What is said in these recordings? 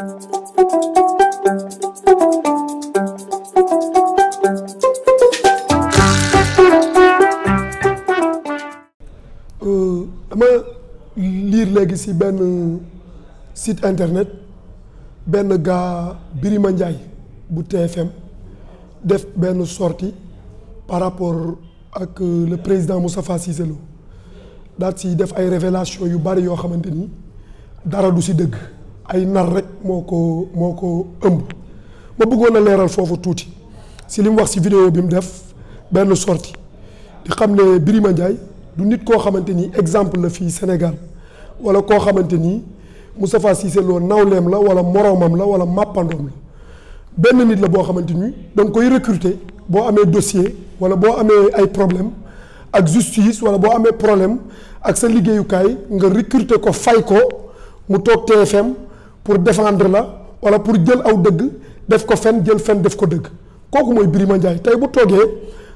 dama euh, liir léegi si benn site internet benn gaa Birima Ndiaye bu TFM def benn sortie par rapport ak euh, le président Moustapha Cissé Lo daal def ay révélation yu bari yoo xamante ni dara du ci dëgg ay nar rek moo ko moo ko ëmb ma bëggoon a leeral foofu tuuti si li mu wax si vidéo bi mu def benn sortie di xam ne Birima Ndiaye du nit koo xamante ni exemple la fii Sénégal wala koo xamante ni Moustapha Cissé Lo nawleem la wala moromam la wala màppandoom la benn nit la boo xamante ni da koy recruter boo amee dossier wala boo amee ay problème ak justice wala boo amee problème ak sa liggéeyukaay nga recruter ko fay ko mu toog TFM pour défendre la wala pour jël aw dëgg def ko fen jël fen def ko dëgg kooku mooy Birima Ndiaye tey bu toogee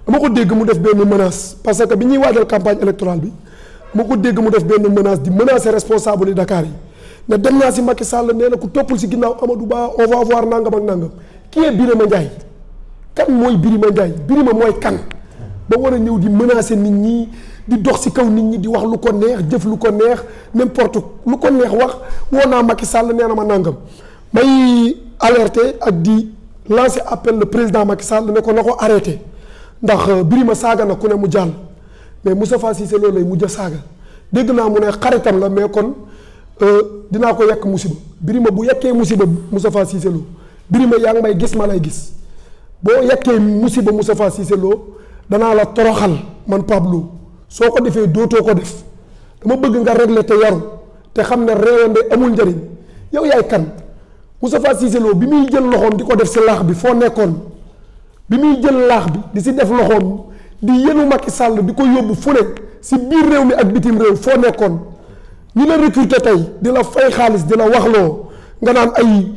dama ko dégg mu def benn menace parce que bi ñuy waajal campagne électorale bi ma ko dégg mu def benn menace di menacer responsable yi Dakar yi ne dem naa si Macky Sall nee na ku toppul si ginnaaw Amadou Ba on va voir nangam ak nangam qui est Birima Ndiaye kan mooy Birima Ndiaye Birima mooy kan ba war a ñëw di menacer nit ñi. di dox si kaw nit ñi di wax lu ko neex jëf lu ko neex n'importe lu ko neex wax woo naa Macky Sall nee ma nàngam may alerte ak di lancer appel président Macky Sall ne ko na ko arrêté ndax euh, Birima saaga na ku ne mu jàll mais Moustapha Cissé loolu lay mujj a saaga dégg naa mu ne xaritam la mais kon euh, dinaa ko yekk musiba Birima bu yekkee musiba Moustapha Cissé Lo Birima yaa ngi may gis ma lay gis boo yekkee musiba Moustapha Cissé Lo danaa la toroxal man Pablo soo ko defee dootoo ko def dama bëgg nga régler te yaru te xam ne réewande amul njëriñ yow yaay kan Moustapha Cissé bi muy jël loxoom di ko def si laax bi foo nekkoon bi muy jël laax bi di si def loxoom di yenu makki sàll di ko yóbbu fu ne si biir réew mi ak bitim réew foo nekkoon ñu la recruter tey di la fay xaalis di la waxloo nga naan ay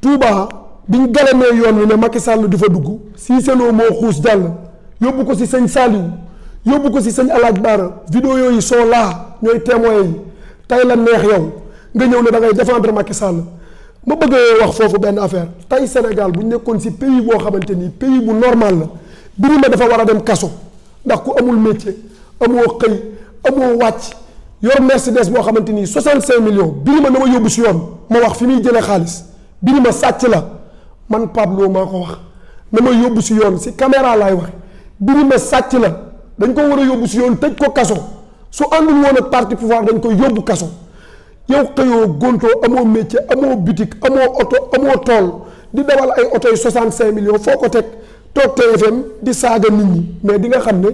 Touba biñ galamee yoon wi ne makki sàll di fa dugg Cissé Lo moo xuus jàll yóbbu ko si sëñ Saliou yóbbu ko si sëñ alaaj baara vidéo yooyu soo laa ñooy témoins yi tey la neex yow nga ñëw ne da ngay défendre Macky Sall ma bëgg wax foofu benn affaire tey Sénégal bu nekkoon si pays boo xamante ni pays bu normal la Birima dafa war a dem kaso ndax ku amul métier amoo xëy amoo wàcc yor Mercedes boo xamante ni 65 millions Birima na ma yóbbu si yoon ma wax fi muy jëlee xaalis Birima sàcc la man Pablo maa ko wax na ma yóbbu si yoon si caméra laay wax Birima sàcc la. dañ ko war a yóbbu si yoon tëj ko kaso su àndul woon ak parti pouvoir dañ koy yóbbu kaso yow xëyoo góntoo amoo métier amoo boutique amoo oto amoo tool di dawal ay oto yu 65 millions foo ko teg toog TFM di saaga nit ñi mais di nga xam ne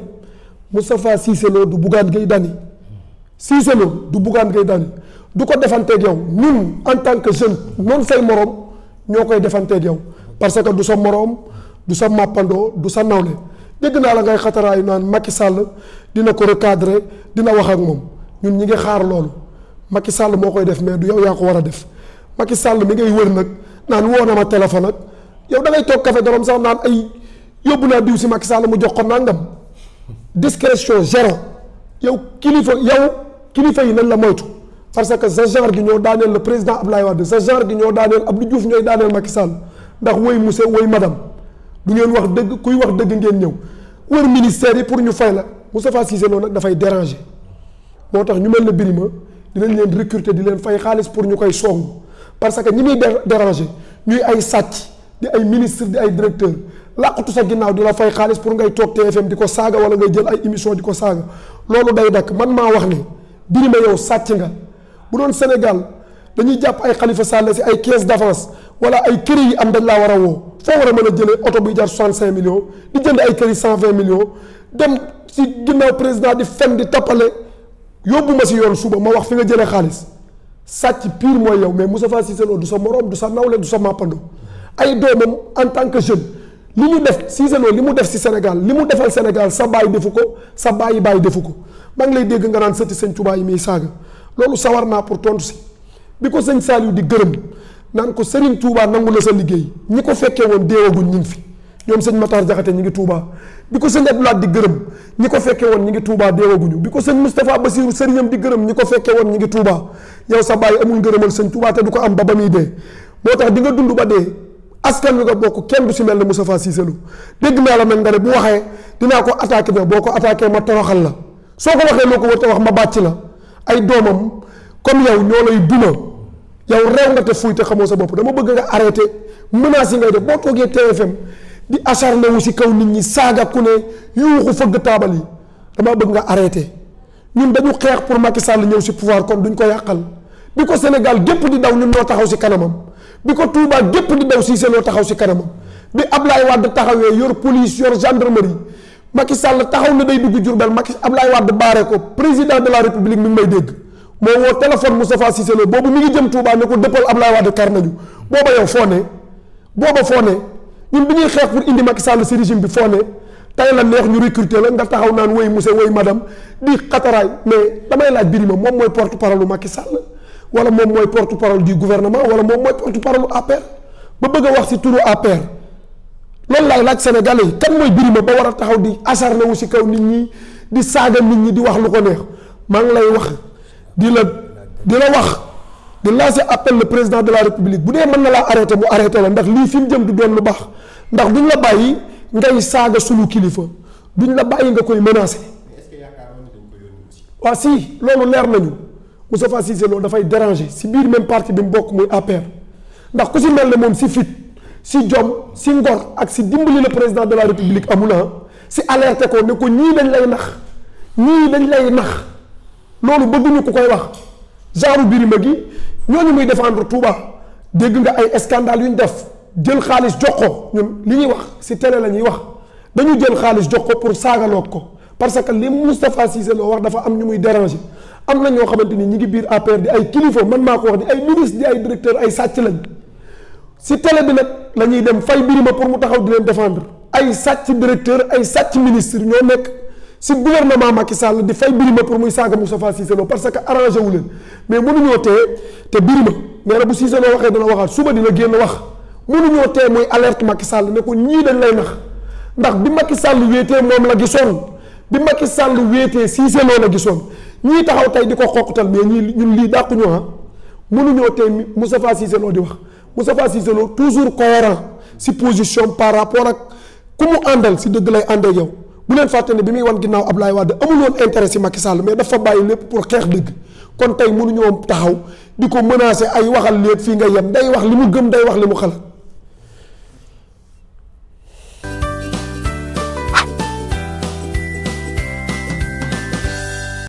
Moustapha Cissé Lo du Bougane Gueye Dany Cissé Lo du Bougane Gueye Dany du ko defanteeg yow ñun en tant que jeune noonu say moroom ñoo koy defanteeg yow parce que du sa moroom du sa màppandoo du sa nawle dégg naa la ngay xataraayu naan Macky Sall dina ko recadrer dina wax ak moom ñun ñi ngi xaar loolu Macky Sall moo koy def mais du yow yaa ko war a def Macky sàll mi ngay wër nag naan woo na ma téléphone yow da ngay toog café dorom sax naan ay yóbbu naa diw si Macky Sall mu jox ko nangam discrétion zéro yow kilifa yow kilifa yi nañ la moytu parce que sa genre gi ñoo daaneel le président Abdoulaye Wade sa genre gi ñoo daaneel Abdou Diouf ñooy daaneel Macky Sall ndax woy monsieur woy madam du ngeen wax dëgg kuy wax dëgg ngeen ñëw wër ministère yi pour ñu fay la Moustapha Cissé Lo nag dafay déranger moo tax ñu mel ne Birima dinañ leen recruter di leen fay xaalis pour ñu koy song parce que ñi muy déranger ñuy ay sàcc di ay ministre di ay directeur làqatu sa ginnaaw di la fay xaalis pour ngay toog TFM di ko saaga wala ngay jël ay émission di ko saaga loolu day dakk man maa wax ne Birima yow sàcc nga bu doon Sénégal dañuy jàpp ay Khalifa Sall si ay caisse d'avance wala ay kër yi am dañ laa war a woo foo war a mën a jëlee oto buy jar soixante cinq millions di jënd ay kër cent vingt millions dem si ginnaaw président di fen di tappale yóbbu ma si yoon suba ma wax fi nga jëlee xaalis sàcc pire mooy yow mais Moustapha Cissé Lo du sa morom du sa nawle du sa màppando ay doomam en tant que jeune li mu def Cissé Lo li mu def si Sénégal li mu defal Sénégal sa baay defu ko sa bàyyi bàyyi defu ko maa lay dégg nga naan sëti sëñ Touba yi muy saaga loolu sawar naa pour tontu si bi ko sëñ Saliou di gërëm naan ko Serigne Touba nangu na sa liggéey ñi ko fekkee woon deewaguñ ñu fi ñoom sëñ Matar Jaxate ñi ngi Touba bi ko sëñ Abdoulaye di gërëm ñi ko fekkee woon ñi ngi Touba deewaguñu bi ko sëñ Moustapha Bassirou sëriñam di gërëm ko fekkee woon ñi ngi Touba yow sa bàyyi amul ngërëmal sëñ Touba te du ko am ba ba muy dee moo tax di nga dund ba dee askan wi nga bokk kenn du si mel ne Moustapha Cissé Lo dégg naa la mel nga ne bu waxee dinaa ko attaqué boo ko attaqué ma toroxal la soo ko waxee loo ko war a wax ma bàcc la ay doomam comme yow ñoo lay duma yow rew nga te fuy te xamoo sa bopp dama bëgg nga arrêté menaces yi ngay def boo toogee TFM di acharné wu si kaw nit ñi saaga ku ne yuuxu fëgg taabal yi dama bëgg nga arrêté ñun dañu xeex pour Macky Sall ñëw si pouvoir kon duñ ko yàqal bi ko Sénégal gépp di daw ñun noo taxaw si kanamam bi ko Touba gépp di daw Cissé noo taxaw si kanamam bi Ablaye Wade taxawee yor police yor gendarmerie Macky Sall taxaw na day dugg Diourbel Macky Ablaye Wade baare ko président de la république mi ngi may dégg moo woo téléphone Moustapha Cissé Lo boobu mi ngi jëm Touba ne ko dëppal Ablaye Wade kar nañu booba yow foo booba foo ñun bi ñuy xeex pour indi Macky Sall si régime bi foo ne tey la neex ñu recruter la nga taxaw naan woy monsieur woy madame di xataraay mais damay laaj birima moom mooy porte parole u Macky Sall wala moom mooy porte parole du gouvernement wala moom mooy porte parole u APR ba bëgg a wax si turu APR loolu laay laaj sénégalais yi kan mooy birima ba war a taxaw wu si kaw nit ñi di saaga nit ñi di wax lu ko neex maa ngi lay wax di la di la wax di lancer appel le président de la république bu dee mën na laa arrêté mu arrêté la ndax lii fi jëm du doon lu baax ndax duñ la bàyyi ngay saaga sunu kilifa duñ la bàyyi nga koy menacé. waaw si loolu leer nañu Moustapha Cissé loolu dafay déranger si biir même partie bi mu bokk muy APR ndax ku si mel ne moom si fit si jom si ngor ak si dimbali le président de la république amul ah, si alerté ko ne ko ñii dañ lay nax ñii dañ lay nax. loolu bëgguñu ku koy wax genre birima gi ñooñu muy défendre Touba dégg nga ay scandale yu ñu def jël xaalis jox ko ñun li ñuy wax si télé la ñuy wax dañu jël xaalis jox ko pour saagaloog ko parce que li Moustapha Cissé Lo wax dafa am ñu muy déranger am na ñoo xamante ni ñi ngi biir APR di ay kilifa mën maa ko wax di ay ministre di ay directeur ay sàcc lañ si télé bi nag la ñuy dem fay birima pour mu taxaw di leen défendre ay sàcc directeur ay sàcc ministre ñoo nekk si gouvernement Macky Sall di fay Birima pour muy saaga Moustapha Cissé Lo parce que arrangé wu leen mais mënuñoo tee te Birima nee na bu Cissé Lo waxee dana waxaat suba dina génn wax mënuñoo tee muy alerte Macky Sall ne ko ñii dañ lay nax ndax bi Macky Sall wéetee moom la gisoon bi Macky Sall wéetee Cissé Lo la gisoon ñii taxaw tey di ko xoqatal mais ñii ñun lii dàquñu ah mënuñoo tey Moustapha Cissé Lo di wax Moustapha Cissé Lo toujours cohérent si position par rapport ak ku mu àndal si dëgg lay àndee yow. bu leen fàtte bi muy wan ginnaaw Ablaye Wade amul woon intérêt si Macky Sall mais dafa bàyyi lépp pour xeex dëgg kon tey mënuñoo taxaw di ko menacer ay waxal léeg fii nga yem day wax li mu gëm day wax li mu xalaat